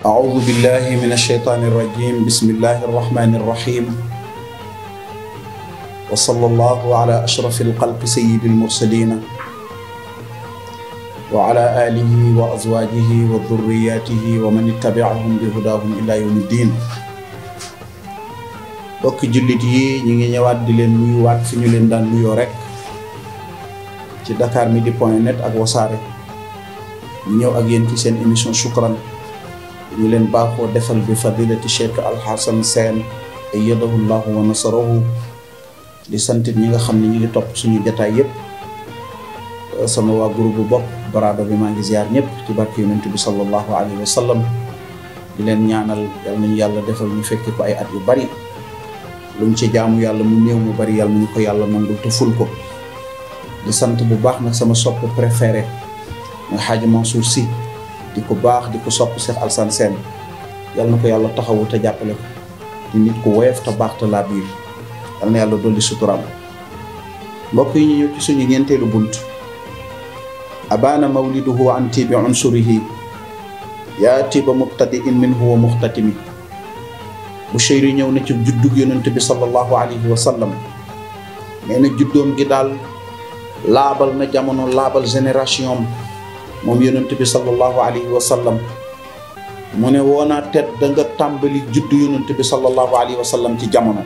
أعوذ بالله من الشيطان الرجيم بسم الله الرحمن الرحيم وصلى الله على أشرف الخلق سيد المرسلين وعلى آله وأزواجه وذرياته ومن اتبعهم بهداهم إلى يوم الدين bokk jullit yi ñu ngi ñëwaat di leen nuyuwaat fi ñu leen daan nuyoo rek ci Dakar Midi point net ak wasaare ñu ñëw ak yéen ci seen émission Shukran ñu leen baaxoo defal bi fadilati cheikh alxasan seen ayyadahu llahu wa nasarahu di santit ñi nga xam ne ñu ngi topp suñu jataay yépp euh, sama waa groupe bopp baraada bi maa ngi ziar ñëpp ci barke yonent bi sallallahu alayhi wa sallam di leen ñaanal yal nañu yàlla defal ñu fekk ko ay at yu bari luñ ci jaamu yàlla mu néew mu bari yàlla ñu ko yàlla nangul te ful ko di sant bu baax nag sama sopp préféré nga xaaja Mansour si di ko baax di ko sopp Cheikh Alassane Sène yal na ko yàlla taxawu te jàppale ko di nit ku woyof te baax te laa biir yal na yàlla dolli suturaam mbokk yi ñu ñëw ci suñu ñeenteelu bunt abaana mawliduhu an tibi unsurihi yaa tiba mubtadiin bu cheyri ñëw na ci juddug yonent bi sallallahu alayhi wa sallam na juddoom gi daal laabal na jamono laabal génération moom yonent bi sallallahu alayhi wa sallam mu ne woonaa tedd nga tàmbali juddu yonent bi sallallahu alayhi wa sallam ci jamono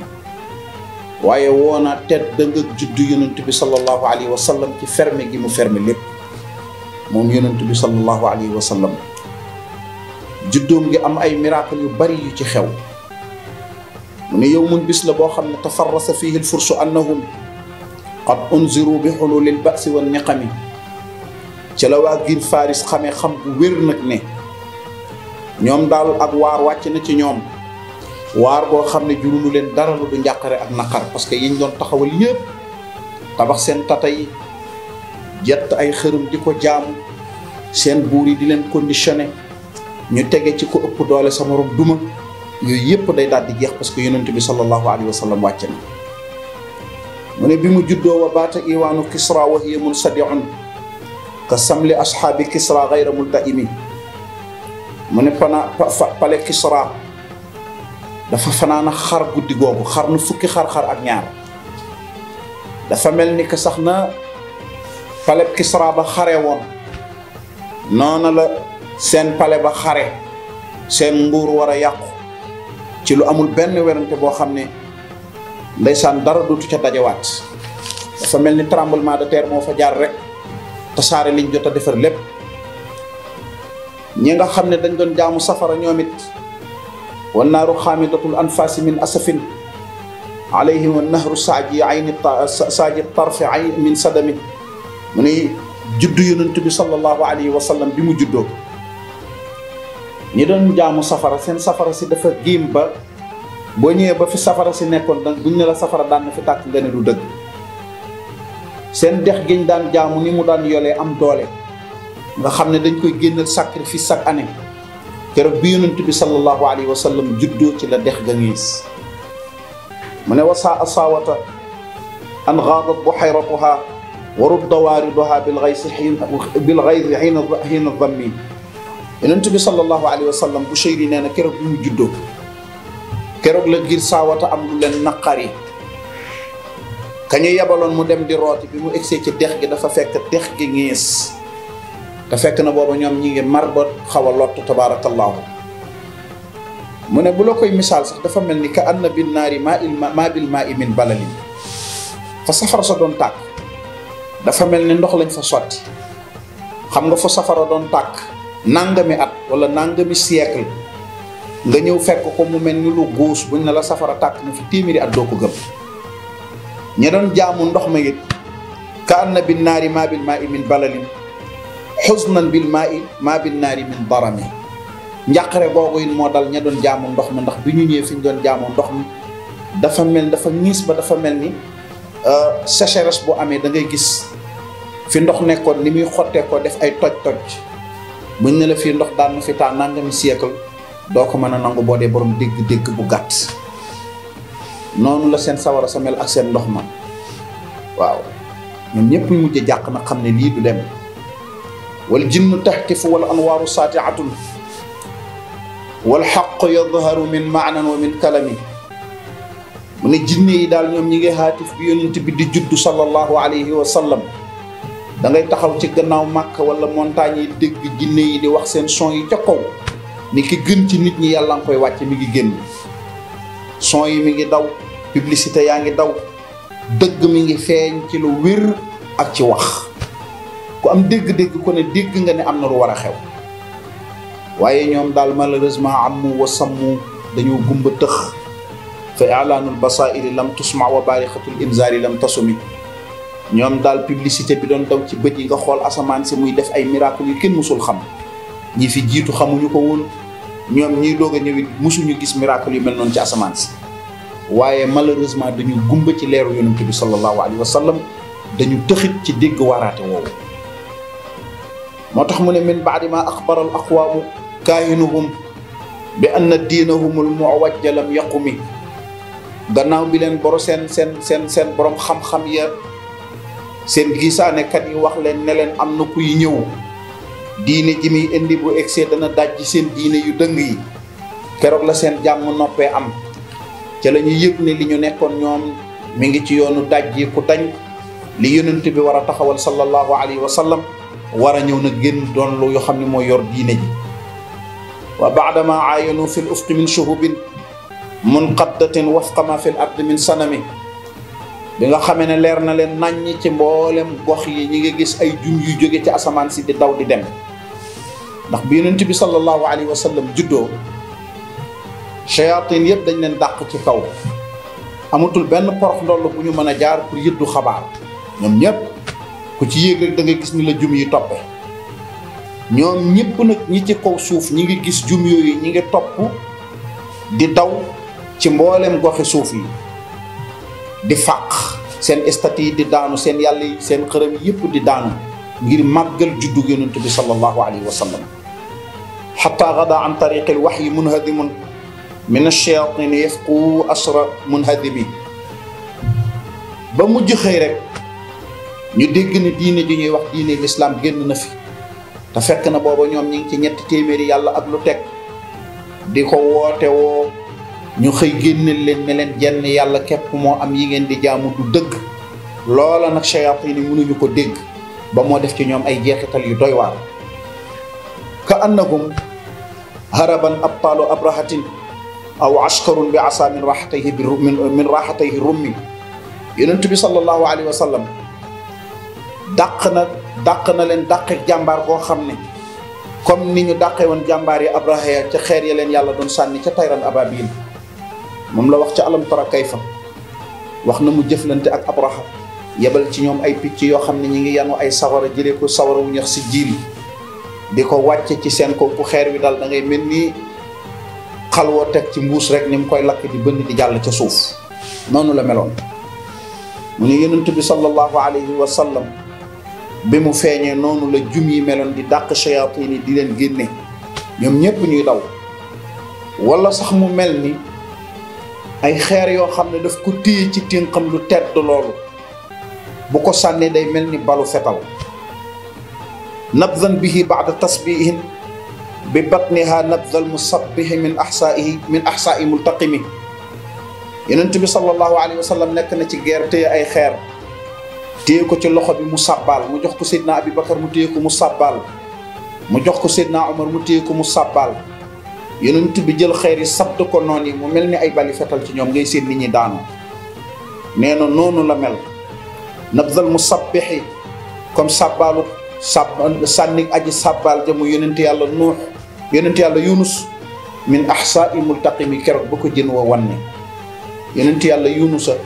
waaye woonaa tedd nga juddu yonent bi sallallahu alayhi wa sallam ci ferme gi mu ferme lépp moom yonent bi sallallahu alayhi wa sallam juddoom gi am ay miracle yu bari yu ci xew mu ne yow mun bis la boo xam ne tafarrasa fiihi l fursu annahum qad unziru bi xululil basi wa niqami ca la waa Guy Faris xamee xam bu wér nag ne ñoom daal ak waar wàcc na ci ñoom waar boo xam ne jurulu leen dara lu du njàqare ak naqar parce que yiñ doon taxawal yépp tabax seen tata yi jett ay xërëm di ko jaamu seen buur yi di leen conditionné ñu tege ci ko ëpp doole sa morom duma yooyu yépp day daal di jeex parce que yonent bi sallallahu alayhi wa sallam wàcc na mu ne bi mu juddoo wa baata iwaanu kisra wa hiya mun sadiun ka samli ashaabi kisra gayra multahimi mu ne pana pale kisra dafa fanaan xar guddi googu xar nu fukki xar-xar ak ñaar dafa mel ni que sax na pale kisra ba xare woon noona la seen pale ba xare seen nguur war a yàqu ci lu amul benn werante boo xam ne ndeysaan dara dootu ca dajawaat dafa mel ni tremblement de terre moo fa jaar rek tasaare liñ jot a defar lépp ñi nga xam ne dañ doon jaamu safara ñoom it wan naaru xaamidatul anfaasi min asafin alayhim wan nahru saaji ayni saaji tarfi ay min sadami mu ni juddu yonent bi sallallahu alayhi wa bi mu juddoo ñi doon jaamu safara seen safara si dafa giim ba boo ñëwee ba fi safara si nekkoon da guñ ne la safara daan na fi tàkk nga ne du dëgg seen dex giñ daan jaamu ni mu daan yolee am doole nga xam ne dañ koy génnal sacrifice chaque année keroog bi yonent bi sallallahu alayhi wa sallam juddoo ci la dex ga mu ne wasaa asaawata an gaadat buxayratuha wa rudda waariduha bil gaysi bil gaysi xiina xiina dammin yonent bi sallallahu alayhi wa sallam bu Bushayri nee na keroog bi mu juddoo keroog la ngir saawata am lu leen naqari kañu yebaloon mu dem di rooti bi mu egsee ci dex gi dafa fekk dex gi ngiis te fekk na booba ñoom ñi ngi mar ba xaw a lottu tabaarakallaahu mu ne bu la koy misaal sax dafa mel ni ka anna na naari maa il maa bil maa i min balalin fa safara sa doon tàkk dafa mel ni ndox lañ fa sotti xam nga fa safara doon tàkk nangami at wala nangami siècle nga ñëw fekk ko mu mel ni lu guus buñ ne la safara tàkk na fi téeméeri at doo ko gëm ña doon jaamu ndox ma it ka anna bin naari maa bil maa i min balalin xusnan maa i maa bin naari min darami njàqare googu it moo dal ña doon jaamu ndox mi ndax bi ñu ñëwee fi ñu doon jaamu ndox mi dafa mel dafa ñiis ba dafa mel ni euh, sécheresse bu amee da ngay gis fi ndox nekkoon ni muy xotteekoo def ay toj-toj buñ ne la fii ndox daan na fi taa nangami siècle doo ko mën a nangu boo dee borom dégg-dégg bu gàtt. noonu la seen sawara sa mel ak seen ndox ma waaw ñoom ñëpp ñu mujj jàq na xam ne lii du dem wal jinnu tahtifu wal anwaaru saatiatun wal xaq yadharu min maanan wa min kalami mu ne jinne yi daal ñoom ñi ngi xaatif bi yonent bi di juddu sallallahu alayhi wa sallam da ngay taxaw ci gannaaw màkk wala montagne yi dégg jinne yi di wax seen son yi ca kaw ni ki gën ci nit ñi yàlla nga koy wàcce mi ngi génn son yi mi ngi daw publicité yaa ngi daw dëgg mi ngi feeñ ci lu wér ak ci wax ku am dégg-dégg ko ne dégg nga ne am na lu war a xew waaye ñoom daal malheureusement amu wa sammu dañoo gumba tëx fa ilaanul basairi lam tusma wa baarixatul imzaari lam tasumi ñoom daal publicité bi doon daw ci bët yi nga xool asamaan si muy def ay miracle yu kenn mësul xam ñi fi jiitu xamuñu ko woon ñoom ñii doog a ñëwit mosuñu gis miracle yi mel noonu ci asamaan si waaye malheureusement dañu gumba ci leeru yonent bi sallallahu alayhi wa sallam dañu tëxit ci dégg waaraate woowu moo tax mu ne min baadi ma axbara al aqwaamu kaahinuhum bi na anna diinahum al muwajja lam mi gannaaw bi leen boro seen seen seen seen borom xam-xam ya seen gisaane kat yi wax leen ne leen am na kuy ñëw diine ji muy indi bu egsee dana dajji seen diine yu dëng yi keroog la seen jàmm noppee am ca la ñu yëg ne li ñu nekkoon ñoom mi ngi ci yoonu dajji ku dañ li yonent bi war a taxawal sallallahu alayhi wa war a ñëw na génn doon lu yoo xam ne mooy yor diine ji wa baadama aayanu fi l ufqi min shuhubin munqaddatin wafqa ma fi l ardi min sanami bi nga xamee ne leer na leen naññ ci mboolem gox yi ñi ngi gis ay jum yu jóge ci asamaan si di daw di dem ndax bi yonent bi sallallahu alayhi wa sallam juddoo shayatin yëpp dañ leen dàq ci kaw amatul benn porox ndoll bu ñu mën a jaar pour yëddu xabaar ñoom ñëpp ku ci yéeg rek da gis ni la jum yi toppe ñoom ñëpp nag ñi ci kaw suuf ñi ngi gis jum yooyu ñi ngi topp di daw ci mboolem goxi suuf yi di fàq seen statut di daanu seen yàlla yi seen xërëm yi yëpp di daanu ngir màggal juddug yonent bi sallallahu alayhi wa sallam xata gada an tariqi l waxyi munhadimun min ash-shayatin yafqu asra munhadimi ba mujj xëy rek ñu dégg ne diine ji ñuy wax diine lislaam génn na fi te fekk na booba ñoom ñu ngi ci ñetti téeméeri yàlla ak lu teg di ko wootewoo ñu xëy génneel leen ne leen jenn yàlla képp moo am yi ngeen di jaamu du dëgg loola nag shayatin yi mënuñu ko dégg ba moo def ci ñoom ay jeexital yu doy waar ka annahum haraban abtaalu abrahatin aw askarun bi asa min raxatayhi bi min raxatayhi rummi yonent bi sallallahu alayhi wa sallam daq na dàq na leen dàqe jàmbaar koo xam ne comme ni ñu dàqe woon jàmbaar yi abraha ya ca xeer ya leen yàlla doon sànni ca tayran ababil moom la wax ca alam tara kayfa wax na mu jëflante ak abraha yebal ci ñoom ay picc yoo xam ne ñi ngi yanu ay sawara jëlee ko sawara wu ñax si jiili di ko wàcce ci seen kaw xeer wi daal da mel ni xalwoo teg ci mbuus rek ni mu koy lakk di bënn di jàll ca suuf noonu la meloon mu ne yonent bi sallallahu alayhi wa sallam bi mu feeñee noonu la jum yi meloon di dàq shayatin yi di leen génne ñoom ñépp ñuy daw wala sax mu mel ni ay xeer yoo xam ne daf ko téye ci tinqam lu tedd loolu bu ko sànnee day mel ni balu fetal nabdan bihi baada tasbihin bi batniha nabdal musabbihi min axsaihi min axsaai multaqimi yonent bi sallallahu alayhi wa nekk na ci guerre téye ay xeer téye ko ci loxo bi mu sàbbaal mu jox ko Seydina Abi Bakar mu téye ko mu sàbbaal mu jox ko Seydina Omar mu téye ko mu sàbbaal yonent bi jël xeer yi sabt ko noon yi mu mel ni ay bali fetal ci ñoom ngay seen nit ñi daanu nee na noonu la mel nabdal mu sabbixi comme sàbbaalu sàbb sànni aji sàbbaal ja mu yonent yàlla nuux yonent yàlla yunus min ahsaa i multaqimi keroog ba ko jën wa wanne yonent yàlla yunusa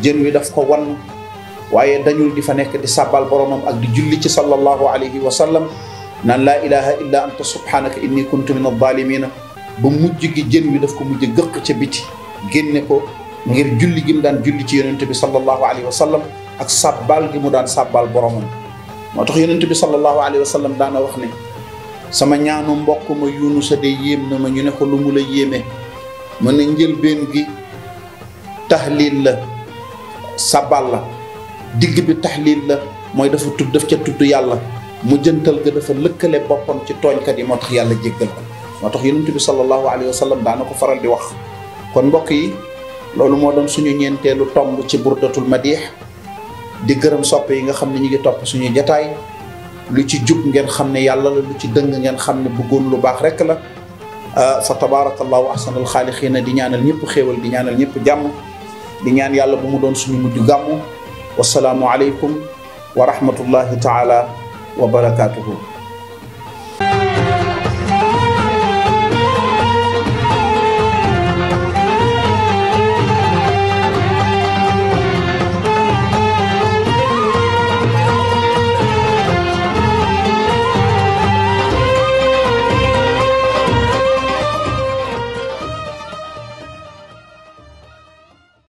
jën wi daf ko wann waaye dañul di fa nekk di sàbbal boromam ak di julli ci sallallahu alayhi wa sallam naan laa ilaha illa anta subhanaka inni kuntu min addalimina ba mujj gi jën wi daf ko mujj gëkk ca biti génne ko ngir julli gi mu daan julli ci yonente bi sallallahu alayhi wa sallam ak sàbbaal gi mu daan sàbbaal boromam moo tax yonente bi sallallahu alayhi wa sallam daana wax ne sama ñaanu mbokk ma yunusa de yéem na ma ñu ne ko lu mu la yéeme mën na njëlbeen gi taxliil la sàbbaal la digg bi taxliil la mooy dafa tudd daf ca tudd yàlla mu jëntal ga dafa lëkkale boppam ci tooñkat yi moo tax yàlla jéggal moo tax yonent bi sallallahu alayhi wa sallam ko faral di wax kon mbokk yi loolu moo doon suñu ñeenteelu tomb ci burdatul madih di gërëm soppe yi nga xam ne ñu ngi topp suñu jataay lu ci jub ngeen xam ne yàlla lu ci dëng ngeen xam ne bëggoon lu baax rek la ah, fa tabarakallahu ahsanal xaalixiina di ñaanal ñëpp xéewal di ñaanal ñëpp jàmm di ñaan yàlla bu mu doon suñu mujj gàmmu wasalaamu aleykum wa rahmatullahi taala wa barakaatuhu